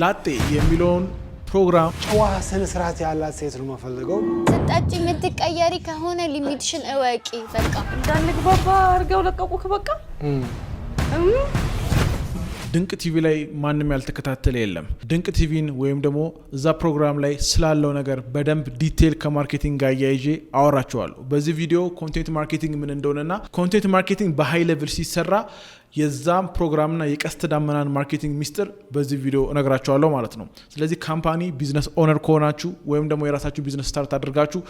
ላጤ የሚለውን ፕሮግራም ጨዋ ስነ ስርዓት ያላት ሴት ነው መፈለገው። ስጣጭ የምትቀየሪ ከሆነ ሊሚትሽን እወቂ። በቃ እንዳንግባባ አድርገው ለቀቁክ። በቃ ድንቅ ቲቪ ላይ ማንም ያልተከታተለ የለም። ድንቅ ቲቪን ወይም ደግሞ እዛ ፕሮግራም ላይ ስላለው ነገር በደንብ ዲቴል ከማርኬቲንግ ጋር እያይዤ አወራቸዋለሁ። በዚህ ቪዲዮ ኮንቴንት ማርኬቲንግ ምን እንደሆነና ኮንቴንት ማርኬቲንግ በሀይ ሌቭል ሲሰራ የዛም ፕሮግራምና የቀስት ዳመናን ማርኬቲንግ ሚስጥር በዚህ ቪዲዮ እነግራቸዋለሁ ማለት ነው። ስለዚህ ካምፓኒ ቢዝነስ ኦነር ከሆናችሁ ወይም ደግሞ የራሳችሁ ቢዝነስ ስታርት አድርጋችሁ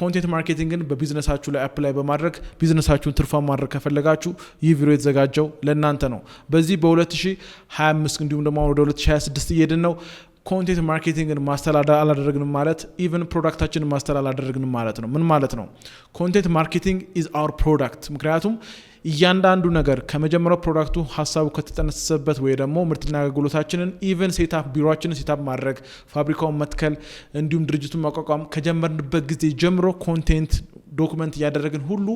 ኮንቴንት ማርኬቲንግን በቢዝነሳችሁ ላይ አፕላይ በማድረግ ቢዝነሳችሁን ትርፋ ማድረግ ከፈለጋችሁ ይህ ቪዲዮ የተዘጋጀው ለእናንተ ነው። በዚህ በ2025 እንዲሁም ደግሞ ወደ 2026 እየሄድን ነው ኮንቴንት ማርኬቲንግን ማስተር አላደረግንም ማለት ኢቨን ፕሮዳክታችንን ማስተር አላደረግንም ማለት ነው። ምን ማለት ነው? ኮንቴንት ማርኬቲንግ ኢዝ አር ፕሮዳክት። ምክንያቱም እያንዳንዱ ነገር ከመጀመሪያው ፕሮዳክቱ ሀሳቡ ከተጠነሰሰበት ወይ ደግሞ ምርትና አገልግሎታችንን ኢቨን ሴታፕ ቢሮችንን ሴታፕ ማድረግ ፋብሪካውን መትከል እንዲሁም ድርጅቱን ማቋቋም ከጀመርንበት ጊዜ ጀምሮ ኮንቴንት ዶክመንት እያደረግን ሁሉ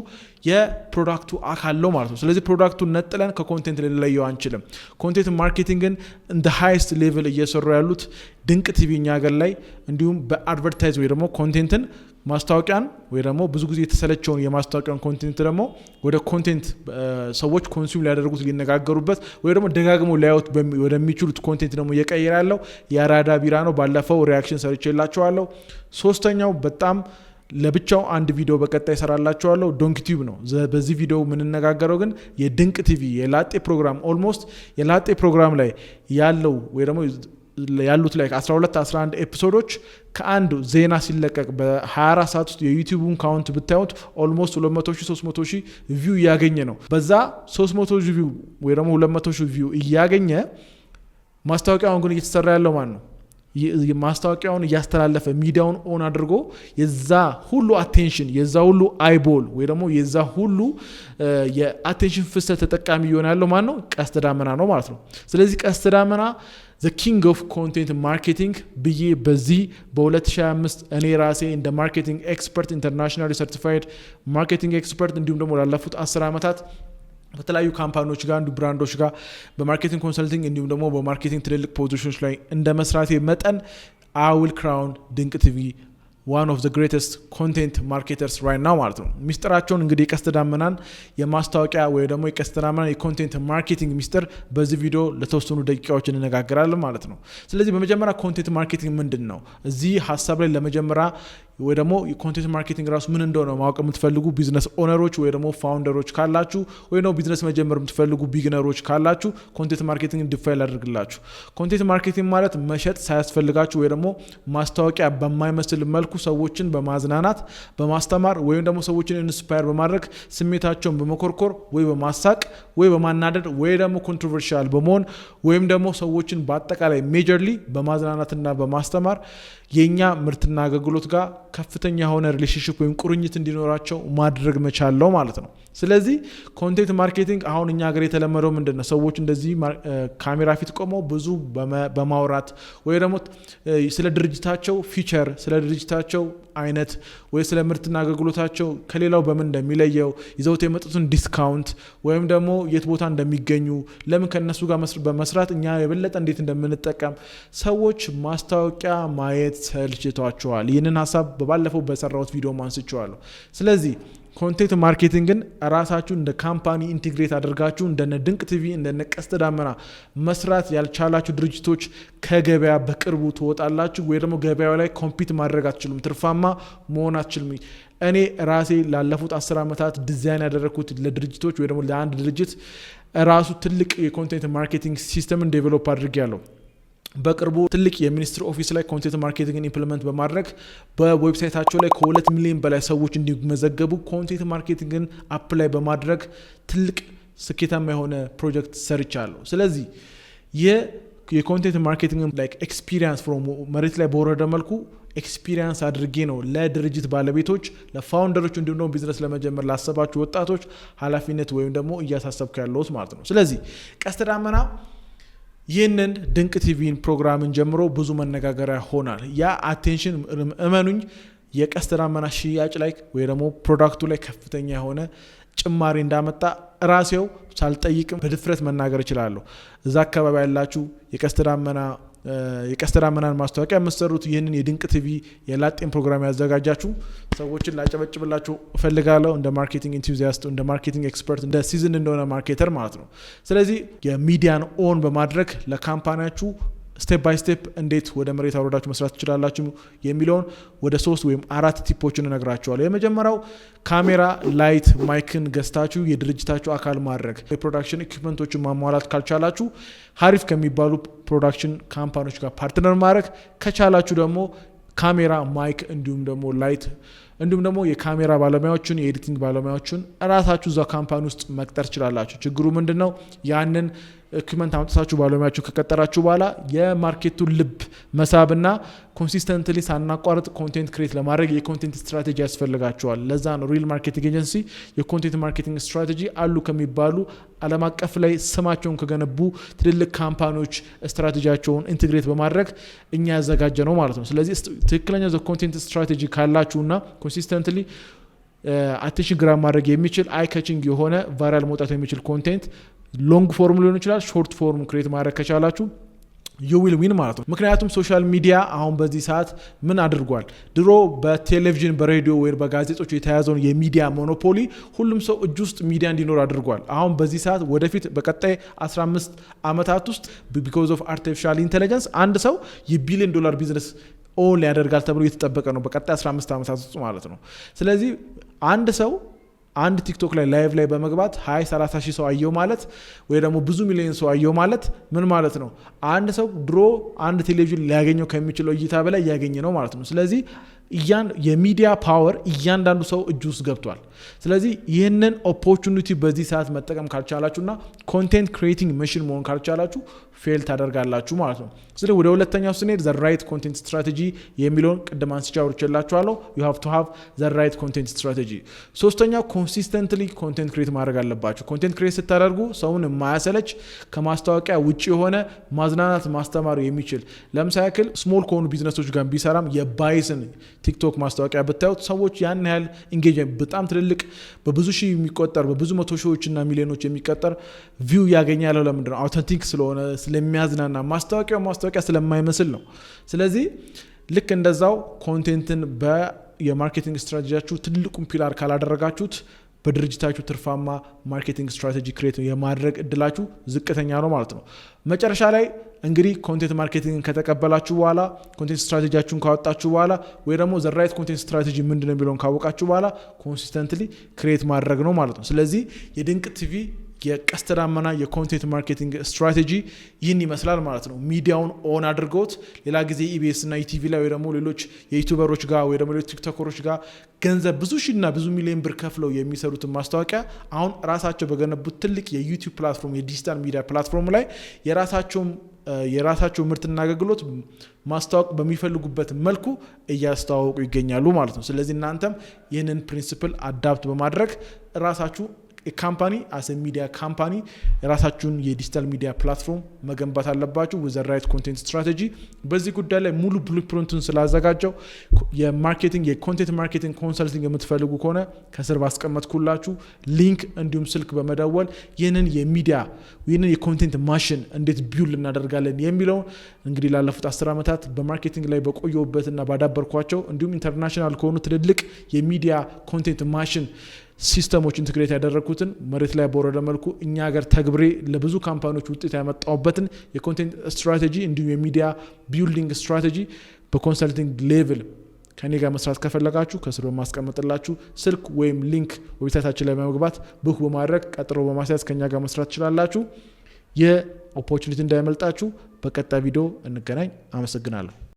የፕሮዳክቱ አካል ነው ማለት ነው። ስለዚህ ፕሮዳክቱን ነጥለን ከኮንቴንት ልንለየው አንችልም። ኮንቴንት ማርኬቲንግን እንደ ሃይስት ሌቭል እየሰሩ ያሉት ድንቅ ቲቪ እኛ ሀገር ላይ እንዲሁም በአድቨርታይዝ ወይ ደግሞ ኮንቴንትን ማስታወቂያን ወይ ደግሞ ብዙ ጊዜ የተሰለቸውን የማስታወቂያን ኮንቴንት ደግሞ ወደ ኮንቴንት ሰዎች ኮንሱም ሊያደርጉት ሊነጋገሩበት ወይ ደግሞ ደጋግሞ ሊያዩት ወደሚችሉት ኮንቴንት ደግሞ እየቀየረ ያለው የአራዳ ቢራ ነው። ባለፈው ሪያክሽን ሰርቼ ሶስተኛው በጣም ለብቻው አንድ ቪዲዮ በቀጣይ እሰራላችኋለሁ። ዶንክ ቲዩብ ነው በዚህ ቪዲዮ የምንነጋገረው። ግን የድንቅ ቲቪ የላጤ ፕሮግራም ኦልሞስት የላጤ ፕሮግራም ላይ ያለው ወይ ደግሞ ያሉት ላይ 12 11 ኤፒሶዶች ከአንዱ ዜና ሲለቀቅ በ24 ሰዓት ውስጥ የዩቲዩቡን ካውንት ብታዩት ኦልሞስት 200 300 ቪው እያገኘ ነው። በዛ 300 ሺህ ቪው ወይ ደግሞ 200 ቪው እያገኘ ማስታወቂያ አሁን ግን እየተሰራ ያለው ማን ነው? ማስታወቂያውን እያስተላለፈ ሚዲያውን ኦን አድርጎ የዛ ሁሉ አቴንሽን የዛ ሁሉ አይቦል ወይ ደግሞ የዛ ሁሉ የአቴንሽን ፍሰት ተጠቃሚ እየሆነ ያለው ማን ነው? ቀስተ ዳመና ነው ማለት ነው። ስለዚህ ቀስተ ዳመና ዘ ኪንግ ኦፍ ኮንቴንት ማርኬቲንግ ብዬ በዚህ በ2025 እኔ ራሴ እንደ ማርኬቲንግ ኤክስፐርት ኢንተርናሽናል ሰርቲፋይድ ማርኬቲንግ ኤክስፐርት እንዲሁም ደግሞ ላለፉት 10 ዓመታት ከተለያዩ ካምፓኒዎች ጋር እንዲሁ ብራንዶች ጋር በማርኬቲንግ ኮንሰልቲንግ እንዲሁም ደግሞ በማርኬቲንግ ትልልቅ ፖዚሽኖች ላይ እንደ መስራቴ መጠን አውል ክራውን ድንቅ ቲቪ ዋን ኦፍ ዘ ግሬተስት ኮንቴንት ማርኬተርስ ራይት ናው ማለት ነው። ሚስጥራቸውን እንግዲህ የቀስተ ዳመናን የማስታወቂያ ወይ ደግሞ የቀስተ ዳመናን የኮንቴንት ማርኬቲንግ ሚስጥር በዚህ ቪዲዮ ለተወሰኑ ደቂቃዎች እንነጋገራለን ማለት ነው። ስለዚህ በመጀመሪያ ኮንቴንት ማርኬቲንግ ምንድን ነው? እዚህ ሀሳብ ላይ ለመጀመሪያ ወይ ደግሞ ኮንቴንት ማርኬቲንግ ራሱ ምን እንደሆነ ማወቅ የምትፈልጉ ቢዝነስ ኦነሮች ወይ ደግሞ ፋውንደሮች ካላችሁ ወይ ደግሞ ቢዝነስ መጀመር የምትፈልጉ ቢግነሮች ካላችሁ ኮንቴንት ማርኬቲንግ ዲፋይን ላደርግላችሁ። ኮንቴንት ማርኬቲንግ ማለት መሸጥ ሳያስፈልጋችሁ ወይ ደግሞ ማስታወቂያ በማይመስል መልኩ ሰዎችን በማዝናናት በማስተማር ወይም ደግሞ ሰዎችን ኢንስፓየር በማድረግ ስሜታቸውን በመኮርኮር ወይ በማሳቅ ወይ በማናደድ ወይ ደግሞ ኮንትሮቨርሻል በመሆን ወይም ደግሞ ሰዎችን በአጠቃላይ ሜጀርሊ በማዝናናትና በማስተማር የእኛ ምርትና አገልግሎት ጋር ከፍተኛ የሆነ ሪሌሽንሽፕ ወይም ቁርኝት እንዲኖራቸው ማድረግ መቻለው ማለት ነው። ስለዚህ ኮንቴንት ማርኬቲንግ አሁን እኛ ሀገር የተለመደው ምንድን ነው? ሰዎች እንደዚህ ካሜራ ፊት ቆመው ብዙ በማውራት ወይ ደግሞ ስለ ድርጅታቸው ፊቸር፣ ስለ ድርጅታቸው አይነት ወይ ስለ ምርትና አገልግሎታቸው ከሌላው በምን እንደሚለየው ይዘውት የመጡትን ዲስካውንት ወይም ደግሞ የት ቦታ እንደሚገኙ ለምን ከእነሱ ጋር በመስራት እኛ የበለጠ እንዴት እንደምንጠቀም ሰዎች ማስታወቂያ ማየት ሰልችቷቸዋል። ይህንን ሀሳብ ባለፈው በሰራሁት ቪዲዮ አንስቼዋለሁ። ስለዚህ ኮንቴንት ማርኬቲንግን ራሳችሁ እንደ ካምፓኒ ኢንቴግሬት አድርጋችሁ እንደነ ድንቅ ቲቪ እንደነ ቀስተ ዳመና መስራት ያልቻላችሁ ድርጅቶች ከገበያ በቅርቡ ትወጣላችሁ፣ ወይ ደግሞ ገበያው ላይ ኮምፒት ማድረግ አትችሉም፣ ትርፋማ መሆን አትችልም። እኔ ራሴ ላለፉት አስር ዓመታት ዲዛይን ያደረግኩት ለድርጅቶች ወይ ደግሞ ለአንድ ድርጅት ራሱ ትልቅ የኮንቴንት ማርኬቲንግ ሲስተምን ዴቨሎፕ አድርጌ ያለው በቅርቡ ትልቅ የሚኒስትር ኦፊስ ላይ ኮንቴንት ማርኬቲንግን ኢምፕሊመንት በማድረግ በዌብሳይታቸው ላይ ከሁለት ሚሊዮን በላይ ሰዎች እንዲመዘገቡ ኮንቴንት ማርኬቲንግን አፕ ላይ በማድረግ ትልቅ ስኬታማ የሆነ ፕሮጀክት ሰርቻለሁ። ስለዚህ ይህ የኮንቴንት ማርኬቲንግ ላይ ኤክስፒሪንስ ፍሮም መሬት ላይ በወረደ መልኩ ኤክስፒሪንስ አድርጌ ነው ለድርጅት ባለቤቶች፣ ለፋውንደሮች እንዲሁም ደግሞ ቢዝነስ ለመጀመር ላሰባችሁ ወጣቶች ኃላፊነት ወይም ደግሞ እያሳሰብኩ ያለሁት ማለት ነው። ስለዚህ ቀስተ ደመና ይህንን ድንቅ ቲቪን ፕሮግራምን ጀምሮ ብዙ መነጋገሪያ ሆናል። ያ አቴንሽን እመኑኝ የቀስተ ዳመና ሽያጭ ላይ ወይ ደግሞ ፕሮዳክቱ ላይ ከፍተኛ የሆነ ጭማሪ እንዳመጣ ራሴው ሳልጠይቅም በድፍረት መናገር እችላለሁ። እዛ አካባቢ ያላችሁ የቀስተ ዳመና የቀስተ ደመናን ማስታወቂያ የምትሰሩት ይህንን የድንቅ ቲቪ የላጤን ፕሮግራም ያዘጋጃችሁ ሰዎችን ላጨበጭብላችሁ እፈልጋለሁ። እንደ ማርኬቲንግ ኢንቱዚያስት፣ እንደ ማርኬቲንግ ኤክስፐርት፣ እንደ ሲዝን እንደሆነ ማርኬተር ማለት ነው። ስለዚህ የሚዲያን ኦን በማድረግ ለካምፓኒያችሁ ስቴፕ ባይ ስቴፕ እንዴት ወደ መሬት አውረዳችሁ መስራት ትችላላችሁ የሚለውን ወደ ሶስት ወይም አራት ቲፖችን እነግራችኋለሁ። የመጀመሪያው ካሜራ፣ ላይት፣ ማይክን ገዝታችሁ የድርጅታችሁ አካል ማድረግ። የፕሮዳክሽን ኢኩፕመንቶችን ማሟላት ካልቻላችሁ ሀሪፍ ከሚባሉ ፕሮዳክሽን ካምፓኒዎች ጋር ፓርትነር ማድረግ ከቻላችሁ ደግሞ ካሜራ፣ ማይክ እንዲሁም ደግሞ ላይት እንዲሁም ደግሞ የካሜራ ባለሙያዎችን የኤዲቲንግ ባለሙያዎችን እራሳችሁ እዛ ካምፓኒ ውስጥ መቅጠር ችላላችሁ። ችግሩ ምንድን ነው? ያንን ኢኩመንት አምጥታችሁ ባለሙያችሁ ከቀጠራችሁ በኋላ የማርኬቱን ልብ መሳብና ኮንሲስተንትሊ ሳናቋርጥ ኮንቴንት ክሬት ለማድረግ የኮንቴንት ስትራቴጂ ያስፈልጋቸዋል። ለዛ ነው ሪል ማርኬቲንግ ኤጀንሲ የኮንቴንት ማርኬቲንግ ስትራቴጂ አሉ ከሚባሉ ዓለም አቀፍ ላይ ስማቸውን ከገነቡ ትልልቅ ካምፓኒዎች ስትራቴጂያቸውን ኢንትግሬት በማድረግ እኛ ያዘጋጀ ነው ማለት ነው። ስለዚህ ትክክለኛ ኮንቴንት ስትራቴጂ ካላችሁና ኮንሲስተንትሊ አቴንሽን ግራብ ማድረግ የሚችል አይ ከችንግ የሆነ ቫይራል መውጣት የሚችል ኮንቴንት ሎንግ ፎርም ሊሆን ይችላል፣ ሾርት ፎርም ክሬት ማድረግ ከቻላችሁ ዩ ዊል ዊን ማለት ነው። ምክንያቱም ሶሻል ሚዲያ አሁን በዚህ ሰዓት ምን አድርጓል? ድሮ በቴሌቪዥን በሬዲዮ ወይ በጋዜጦች የተያዘውን የሚዲያ ሞኖፖሊ ሁሉም ሰው እጅ ውስጥ ሚዲያ እንዲኖር አድርጓል። አሁን በዚህ ሰዓት ወደፊት በቀጣይ 15 ዓመታት ውስጥ ቢኮዝ ኦፍ አርቲፊሻል ኢንቴሊጀንስ አንድ ሰው የቢሊዮን ዶላር ቢዝነስ ኦል ያደርጋል ተብሎ እየተጠበቀ ነው በቀጣይ 15 ዓመታት ውስጥ ማለት ነው። ስለዚህ አንድ ሰው አንድ ቲክቶክ ላይ ላይቭ ላይ በመግባት ሀይ 30 ሺህ ሰው አየው ማለት ወይ ደግሞ ብዙ ሚሊዮን ሰው አየው ማለት ምን ማለት ነው? አንድ ሰው ድሮ አንድ ቴሌቪዥን ሊያገኘው ከሚችለው እይታ በላይ እያገኘ ነው ማለት ነው። ስለዚህ የሚዲያ ፓወር እያንዳንዱ ሰው እጁ ውስጥ ገብቷል። ስለዚህ ይህንን ኦፖርቹኒቲ በዚህ ሰዓት መጠቀም ካልቻላችሁ ካልቻላችሁና ኮንቴንት ክሬቲንግ መሽን መሆን ካልቻላችሁ ፌል ታደርጋላችሁ ማለት ነው። ስለዚህ ወደ ሁለተኛው ስንሄድ ዘ ራይት ኮንቴንት ስትራቴጂ የሚለውን ቅድም አንስቻ አውርቼላችኋለሁ። ዩ ሃቭ ቱ ሃቭ ዘ ራይት ኮንቴንት ስትራቴጂ። ሶስተኛው ኮንሲስተንትሊ ኮንቴንት ክሬት ማድረግ አለባችሁ። ኮንቴንት ክሬት ስታደርጉ ሰውን የማያሰለች ከማስታወቂያ ውጭ የሆነ ማዝናናት ማስተማር የሚችል ለምሳሌ ያክል ስሞል ከሆኑ ቢዝነሶች ጋር ቢሰራም የባይስን ቲክቶክ ማስታወቂያ ብታዩት ሰዎች ያን ያህል ኢንጌጅ በጣም ትልልቅ በብዙ ሺህ የሚቆጠር በብዙ መቶ ሺዎች እና ሚሊዮኖች የሚቀጠር ቪው ያገኘ ያለው ለምንድን አውተንቲክ ስለሆነ ስለሚያዝናና ማስታወቂያው ማስታወቂያ ስለማይመስል ነው። ስለዚህ ልክ እንደዛው ኮንቴንትን በ የማርኬቲንግ ስትራቴጂያችሁ ትልቁን ፒላር ካላደረጋችሁት በድርጅታችሁ ትርፋማ ማርኬቲንግ ስትራቴጂ ክሬት የማድረግ እድላችሁ ዝቅተኛ ነው ማለት ነው። መጨረሻ ላይ እንግዲህ ኮንቴንት ማርኬቲንግን ከተቀበላችሁ በኋላ ኮንቴንት ስትራቴጂያችሁን ካወጣችሁ በኋላ ወይ ደግሞ ዘራይት ኮንቴንት ስትራቴጂ ምንድን ነው የሚለውን ካወቃችሁ በኋላ ኮንሲስተንትሊ ክሬት ማድረግ ነው ማለት ነው። ስለዚህ የድንቅ ቲቪ የቀስተ ዳመና የኮንቴንት ማርኬቲንግ ስትራቴጂ ይህን ይመስላል ማለት ነው። ሚዲያውን ኦን አድርገውት ሌላ ጊዜ ኢቢኤስ እና ኢቲቪ ላይ ወይ ደግሞ ሌሎች የዩቱበሮች ጋር ወይ ደግሞ ሌሎች ቲክቶከሮች ጋር ገንዘብ ብዙ ሺና ብዙ ሚሊዮን ብር ከፍለው የሚሰሩትን ማስታወቂያ አሁን ራሳቸው በገነቡት ትልቅ የዩቲዩብ ፕላትፎርም የዲጂታል ሚዲያ ፕላትፎርም ላይ የራሳቸውም የራሳቸው ምርትና አገልግሎት ማስታወቅ በሚፈልጉበት መልኩ እያስተዋወቁ ይገኛሉ ማለት ነው። ስለዚህ እናንተም ይህንን ፕሪንሲፕል አዳፕት በማድረግ ራሳችሁ ካምፓኒ አስ ሚዲያ ካምፓኒ የራሳችሁን የዲጂታል ሚዲያ ፕላትፎርም መገንባት አለባችሁ። ወዘ ራይት ኮንቴንት ስትራቴጂ በዚህ ጉዳይ ላይ ሙሉ ብሉፕሪንቱን ስላዘጋጀው የማርኬቲንግ የኮንቴንት ማርኬቲንግ ኮንሰልቲንግ የምትፈልጉ ከሆነ ከስር ባስቀመጥኩላችሁ ሊንክ እንዲሁም ስልክ በመደወል ይህንን የሚዲያ ይህንን የኮንቴንት ማሽን እንዴት ቢውል እናደርጋለን የሚለውን እንግዲህ ላለፉት አስር ዓመታት በማርኬቲንግ ላይ በቆየሁበትና ባዳበርኳቸው እንዲሁም ኢንተርናሽናል ከሆኑ ትልልቅ የሚዲያ ኮንቴንት ማሽን ሲስተሞች ኢንትግሬት ያደረግኩትን መሬት ላይ በወረደ መልኩ እኛ ሀገር ተግብሬ ለብዙ ካምፓኒዎች ውጤት ያመጣውበትን የኮንቴንት ስትራቴጂ እንዲሁም የሚዲያ ቢልዲንግ ስትራቴጂ በኮንሰልቲንግ ሌቭል ከኔ ጋር መስራት ከፈለጋችሁ ከስር በማስቀመጥላችሁ ስልክ ወይም ሊንክ ዌብሳይታችን ላይ በመግባት ብክ በማድረግ ቀጥሮ በማስያዝ ከኛ ጋር መስራት ትችላላችሁ። ይህ ኦፖርቹኒቲ እንዳይመልጣችሁ። በቀጣይ ቪዲዮ እንገናኝ። አመሰግናለሁ።